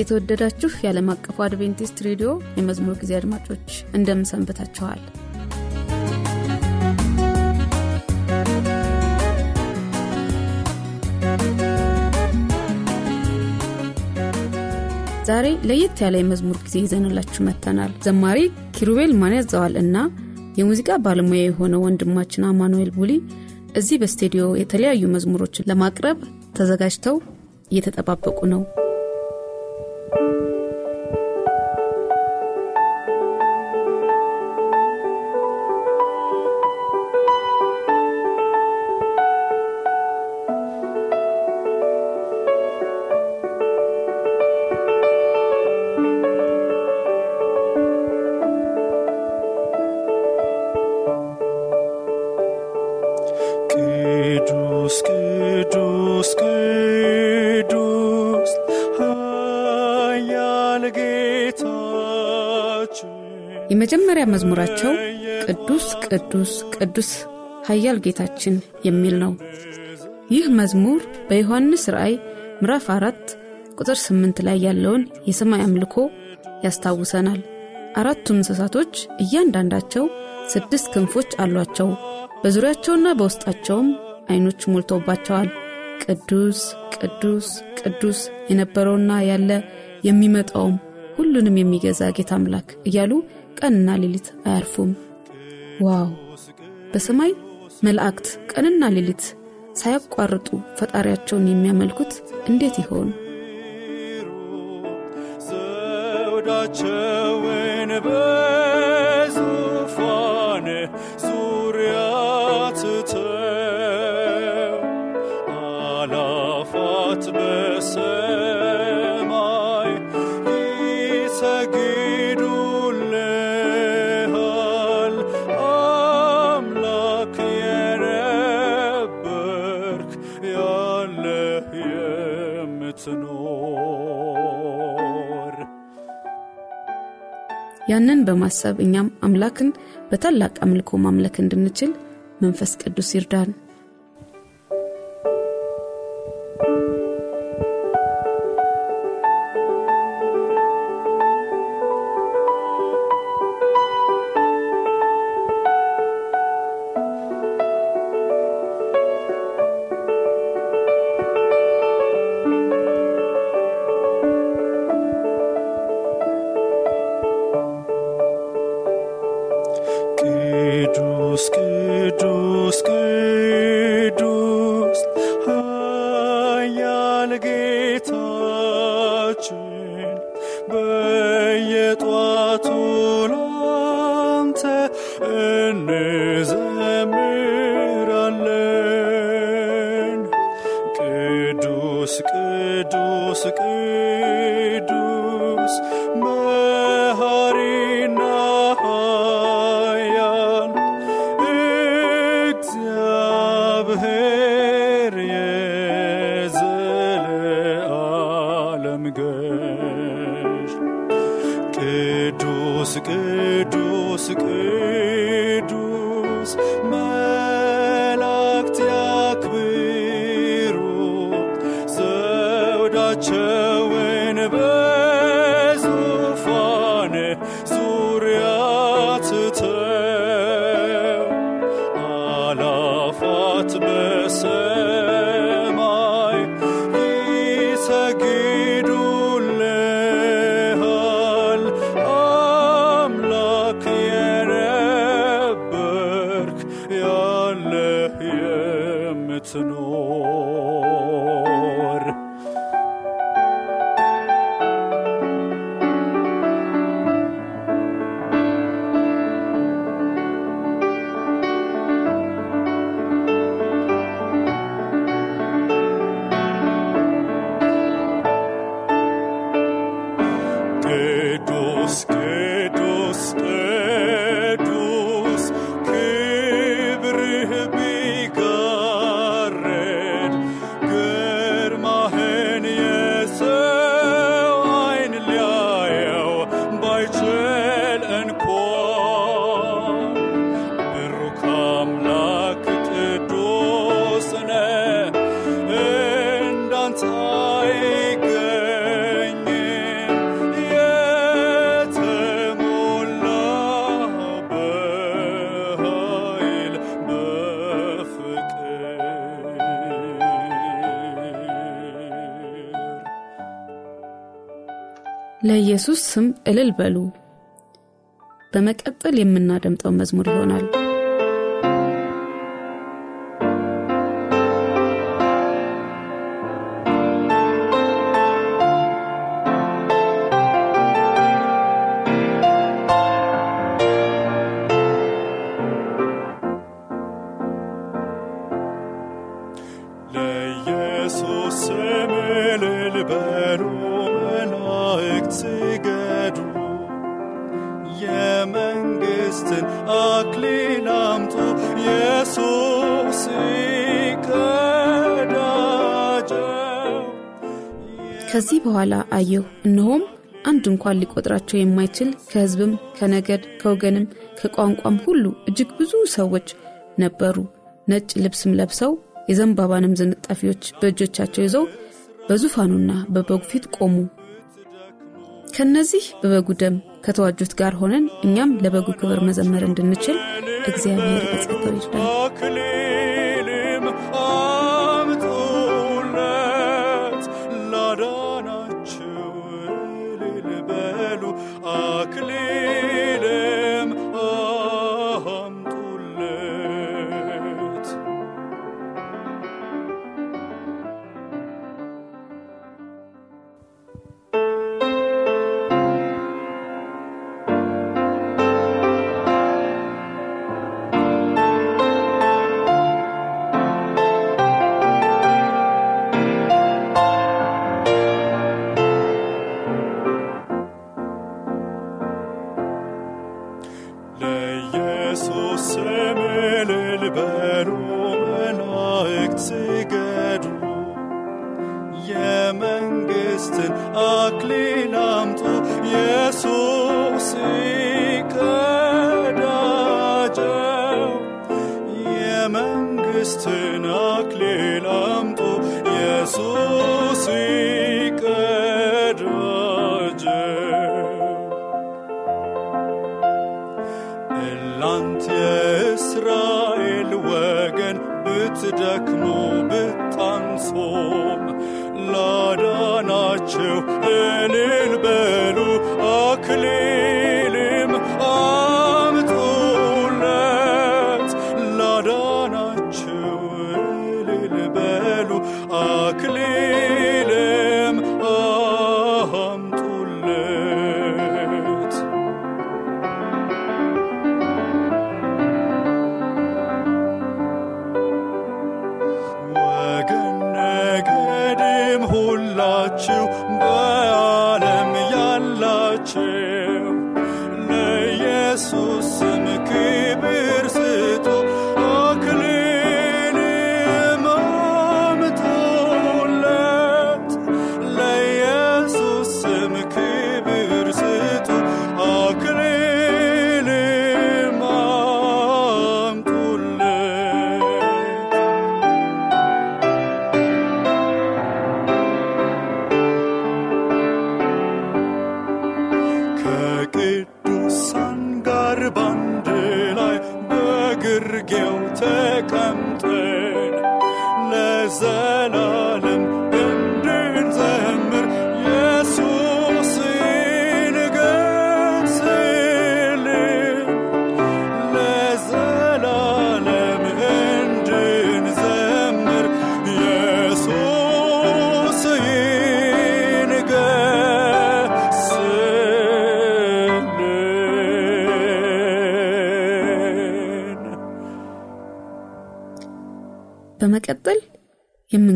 የተወደዳችሁ የዓለም አቀፉ አድቬንቲስት ሬዲዮ የመዝሙር ጊዜ አድማጮች እንደምንሰንብታችኋል ዛሬ ለየት ያለ የመዝሙር ጊዜ ይዘንላችሁ መጥተናል ዘማሪ ኪሩቤል ማን ያዘዋል እና የሙዚቃ ባለሙያ የሆነው ወንድማችን አማኑኤል ቡሊ እዚህ በስቱዲዮ የተለያዩ መዝሙሮችን ለማቅረብ ተዘጋጅተው እየተጠባበቁ ነው መዝሙራቸው ቅዱስ ቅዱስ ቅዱስ ኃያል ጌታችን የሚል ነው። ይህ መዝሙር በዮሐንስ ራእይ ምዕራፍ አራት ቁጥር ስምንት ላይ ያለውን የሰማይ አምልኮ ያስታውሰናል። አራቱ እንስሳቶች እያንዳንዳቸው ስድስት ክንፎች አሏቸው። በዙሪያቸውና በውስጣቸውም አይኖች ሞልተውባቸዋል። ቅዱስ ቅዱስ ቅዱስ የነበረውና ያለ የሚመጣውም ሁሉንም የሚገዛ ጌታ አምላክ እያሉ ቀንና ሌሊት አያርፉም ዋው በሰማይ መላእክት ቀንና ሌሊት ሳያቋርጡ ፈጣሪያቸውን የሚያመልኩት እንዴት ይሆን ዘውዳቸውን ያንን በማሰብ እኛም አምላክን በታላቅ አምልኮ ማምለክ እንድንችል መንፈስ ቅዱስ ይርዳን። ቅዱስ ቅዱስ ቅዱስ መላእክት ያክብሩ ዘውዳቸው ስም እልል በሉ። በመቀጠል የምናደምጠው መዝሙር ይሆናል። በኋላ አየሁ፣ እነሆም አንድ እንኳን ሊቆጥራቸው የማይችል ከህዝብም፣ ከነገድ ከወገንም ከቋንቋም ሁሉ እጅግ ብዙ ሰዎች ነበሩ። ነጭ ልብስም ለብሰው የዘንባባንም ዝንጣፊዎች በእጆቻቸው ይዘው በዙፋኑና በበጉ ፊት ቆሙ። ከነዚህ በበጉ ደም ከተዋጁት ጋር ሆነን እኛም ለበጉ ክብር መዘመር እንድንችል እግዚአብሔር በጸጋው ይርዳል። ፈለግ ስገዱ የመንግሥትን አክሊል አምጡ ኢየሱስ ይቀዳጀው የመንግሥትን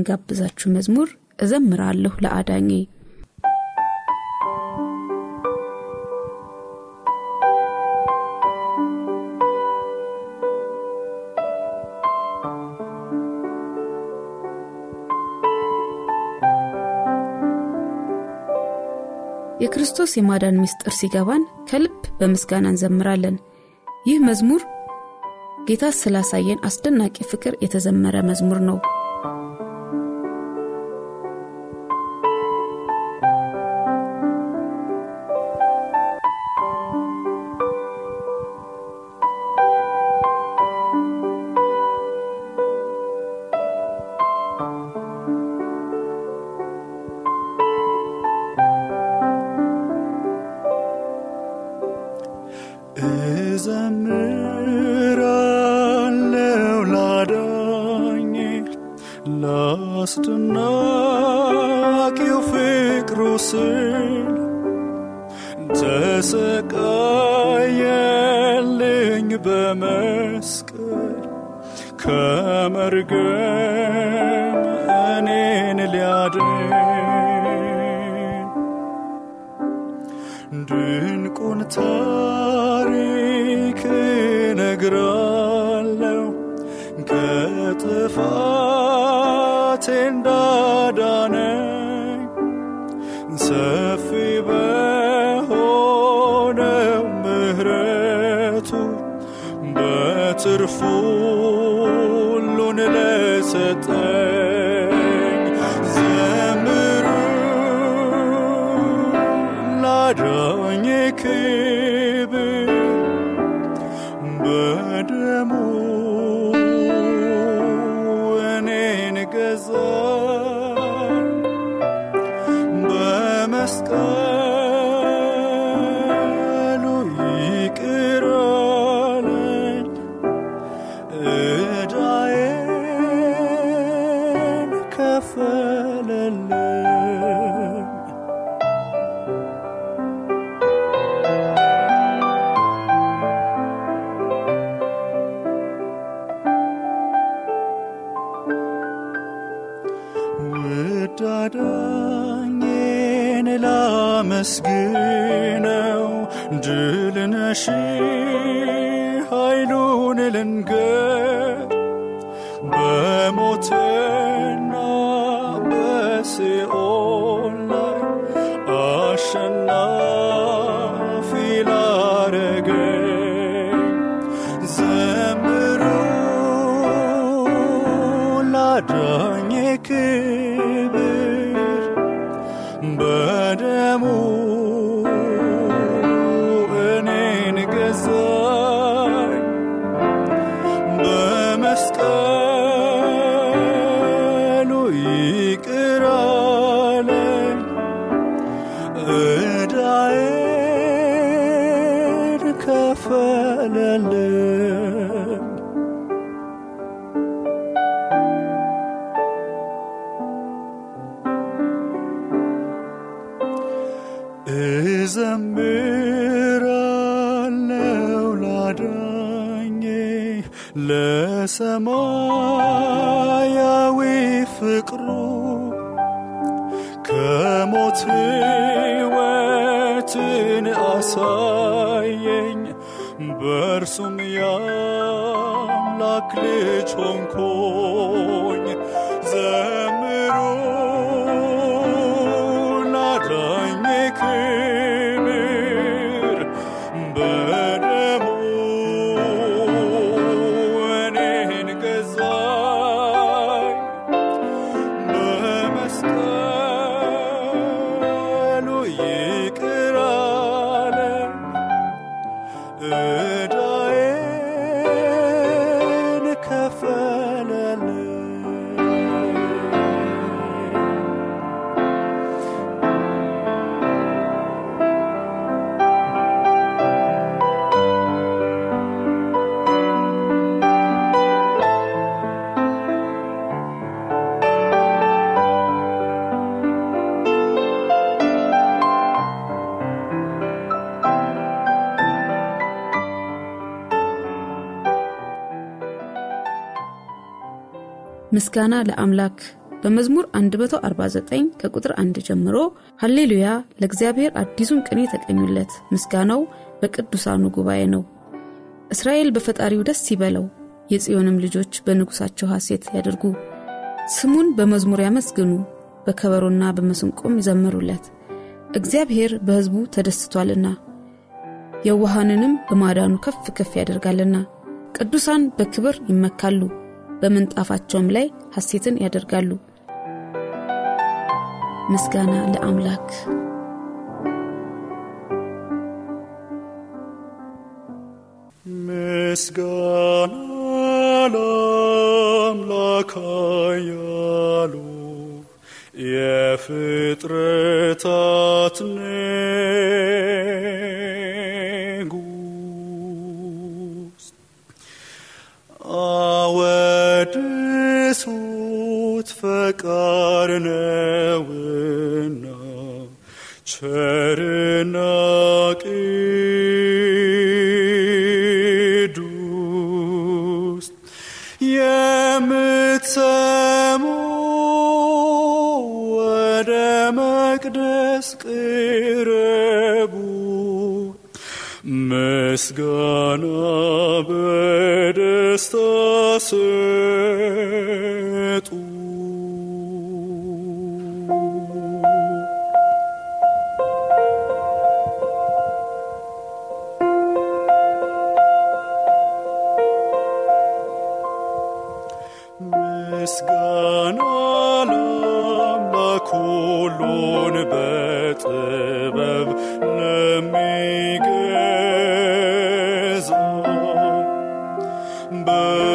በምንጋብዛችሁ መዝሙር እዘምራለሁ ለአዳኜ የክርስቶስ የማዳን ምስጢር ሲገባን ከልብ በምስጋና እንዘምራለን። ይህ መዝሙር ጌታ ስላሳየን አስደናቂ ፍቅር የተዘመረ መዝሙር ነው። ድንቁን ታሪክ ነግራለው ከጥፋቴ እንዳዳነኝ ሰፊ በሆነ ምህረቱ በትርፉ አልከፈለልም። ድልነሽ ኃይሉን ልንገር you. ምስጋና ለአምላክ በመዝሙር 149 ከቁጥር 1 ጀምሮ ሐሌሉያ ለእግዚአብሔር አዲሱን ቅኔ ተቀኙለት፣ ምስጋናው በቅዱሳኑ ጉባኤ ነው። እስራኤል በፈጣሪው ደስ ይበለው፣ የጽዮንም ልጆች በንጉሳቸው ሐሴት ያደርጉ። ስሙን በመዝሙር ያመስግኑ፣ በከበሮና በመስንቆም ይዘምሩለት፣ እግዚአብሔር በሕዝቡ ተደስቷልና የውሃንንም በማዳኑ ከፍ ከፍ ያደርጋልና። ቅዱሳን በክብር ይመካሉ በምንጣፋቸውም ላይ ሐሴትን ያደርጋሉ። ምስጋና ለአምላክ። ምስጋና ለአምላክ ያሉ ፈቃድ ነውና ቸርና ቅዱስ የምትሰሙ ወደ መቅደስ ቅረቡ ምስጋና በደስታ ቃሉን በጥበብ ለሚገዛው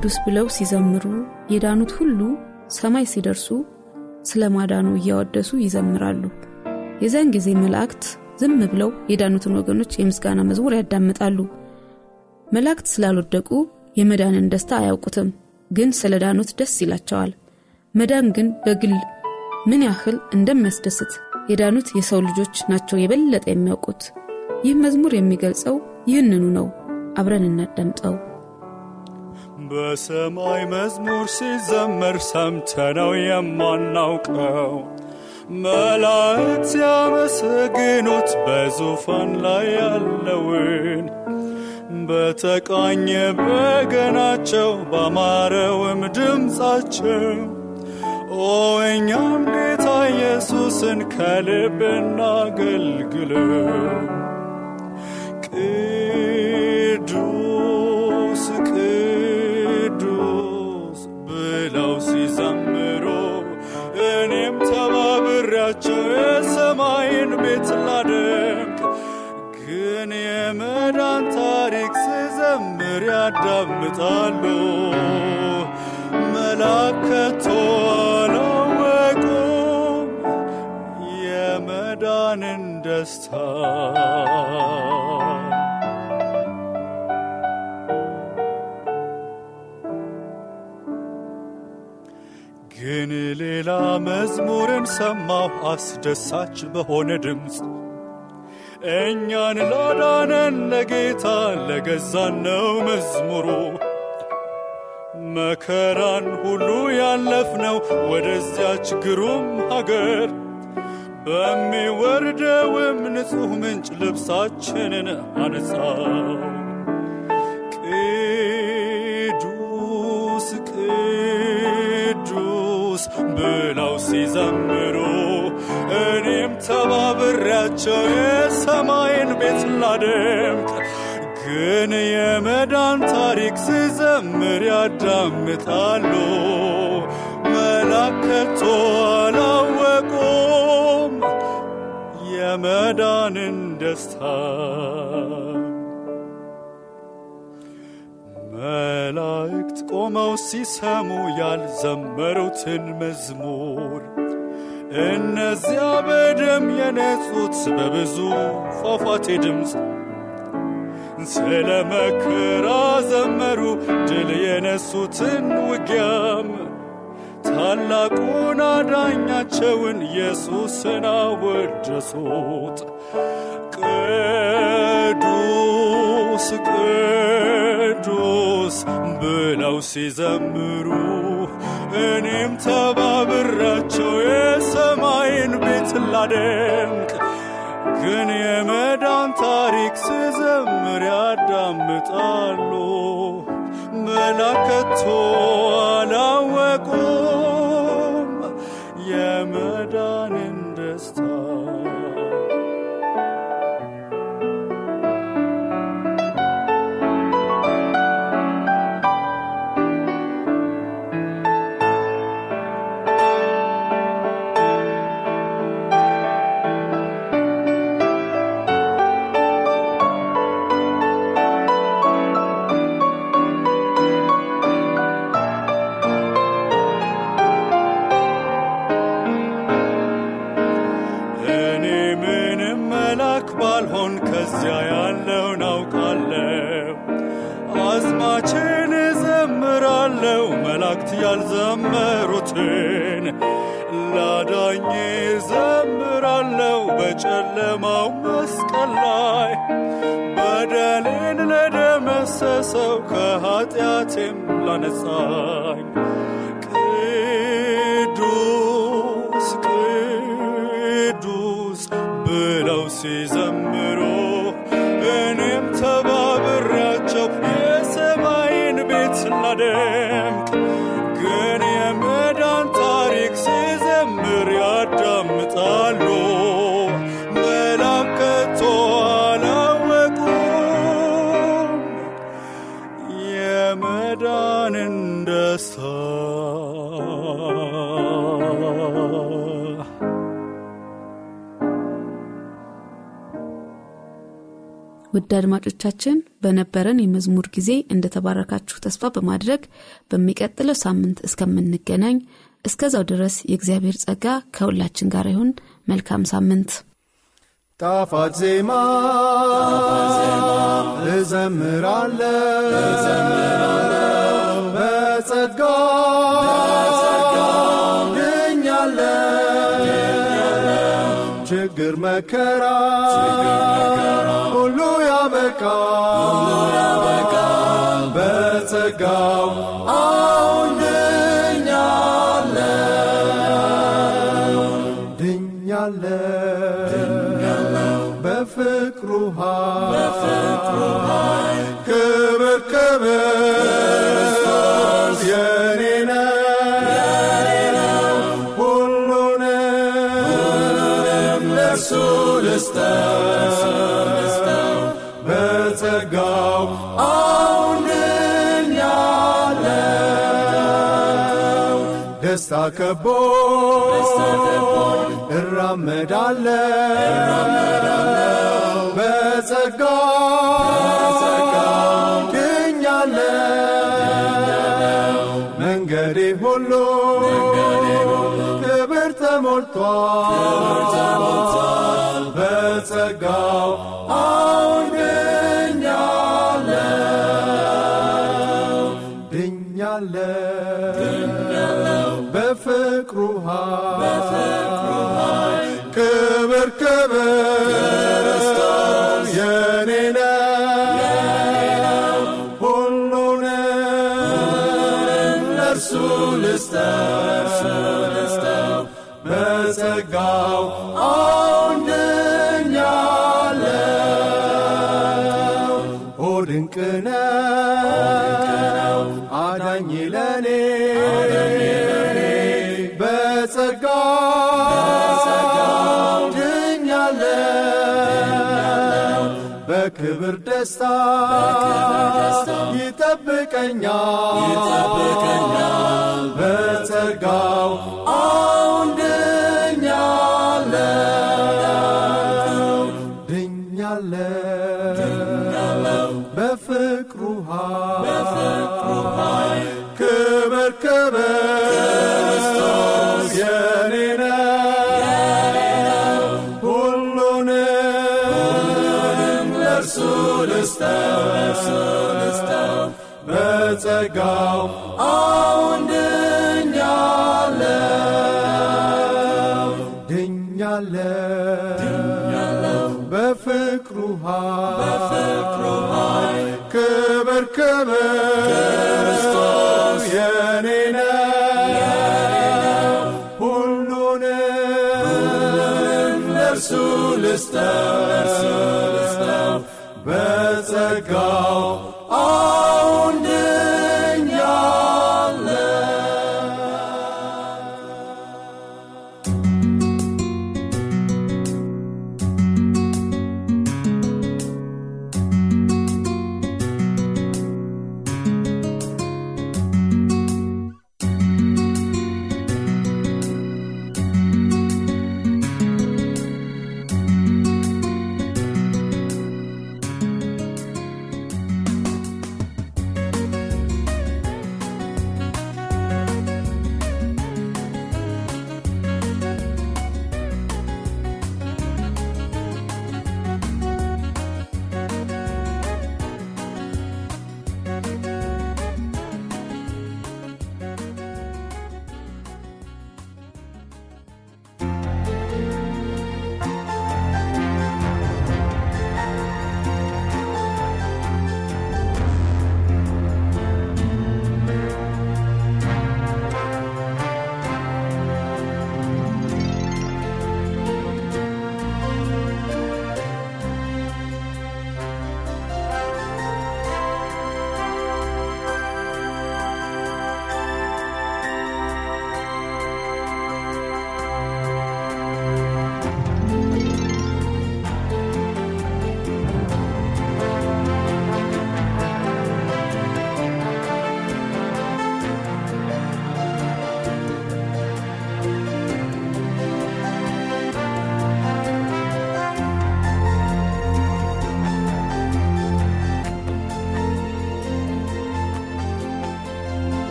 ቅዱስ ብለው ሲዘምሩ የዳኑት ሁሉ ሰማይ ሲደርሱ ስለ ማዳኑ እያወደሱ ይዘምራሉ። የዚያን ጊዜ መላእክት ዝም ብለው የዳኑትን ወገኖች የምስጋና መዝሙር ያዳምጣሉ። መላእክት ስላልወደቁ የመዳንን ደስታ አያውቁትም፣ ግን ስለ ዳኑት ደስ ይላቸዋል። መዳን ግን በግል ምን ያህል እንደሚያስደስት የዳኑት የሰው ልጆች ናቸው የበለጠ የሚያውቁት። ይህ መዝሙር የሚገልጸው ይህንኑ ነው። አብረን እናዳምጠው። በሰማይ መዝሙር ሲዘመር ሰምተነው የማናውቀው መላእክት ያመሰግኑት በዙፋን ላይ ያለውን በተቃኘ በገናቸው ባማረውም ድምፃቸው ኦ እኛም ጌታ ኢየሱስን ከልብ እናገልግለው ያዳምጣሉ መላከቶ አላወቁም የመዳንን ደስታ ግን ሌላ መዝሙርን ሰማሁ አስደሳች በሆነ ድምፅ እኛን ላዳነን ለጌታ ለገዛን ነው መዝሙሩ። መከራን ሁሉ ያለፍነው ወደዚያች ግሩም ሀገር በሚወርደውም ንጹሕ ምንጭ ልብሳችንን አነጻ ቅዱስ ቅዱስ ብለው ሲዘምሩ ተባብሬያቸው የሰማይን ቤት ላደምቅ ግን የመዳን ታሪክ ሲዘምር ያዳምጣሉ መላከቶ አላወቁም የመዳንን ደስታ መላእክት ቆመው ሲሰሙ ያልዘመሩትን መዝሙር እነዚያ በደም የነጹት በብዙ ፏፏቴ ድምፅ ስለ መከራ ዘመሩ ድል የነሱትን ውጊያም ታላቁን አዳኛቸውን ኢየሱስን አወደሱት። ቅዱስ ቅዱስ ብለው ሲዘምሩ እኔም ተባብራቸው የሰማይን ቤት ላደምቅ ግን የመዳን ታሪክ ስዘምር ያዳምጣሉ መላከቶ አላ በዚያ ያለውን አውቃለሁ። አዝማችን እዘምራለሁ መላእክት ያልዘመሩትን ላዳኝ እዘምራለሁ በጨለማው መስቀል ላይ በደሌን ለደመሰሰው ከኃጢአቴም ላነጻኝ ቅዱስ ቅዱስ ብለው ሲዘም Oh. ውድ አድማጮቻችን በነበረን የመዝሙር ጊዜ እንደተባረካችሁ ተስፋ በማድረግ በሚቀጥለው ሳምንት እስከምንገናኝ እስከዛው ድረስ የእግዚአብሔር ጸጋ ከሁላችን ጋር ይሁን። መልካም ሳምንት። ጣፋት ዜማ እዘምራለ በጸጋ ችግር መከራ በስተልቦን እራመዳለሁ በጸጋ ድኛለሁ መንገዴ ሁሉ ክብር ተሞልቷል በጸጋው አሁን ድኛለ ድኛለሁ በደስታ ይጠብቀኛል go.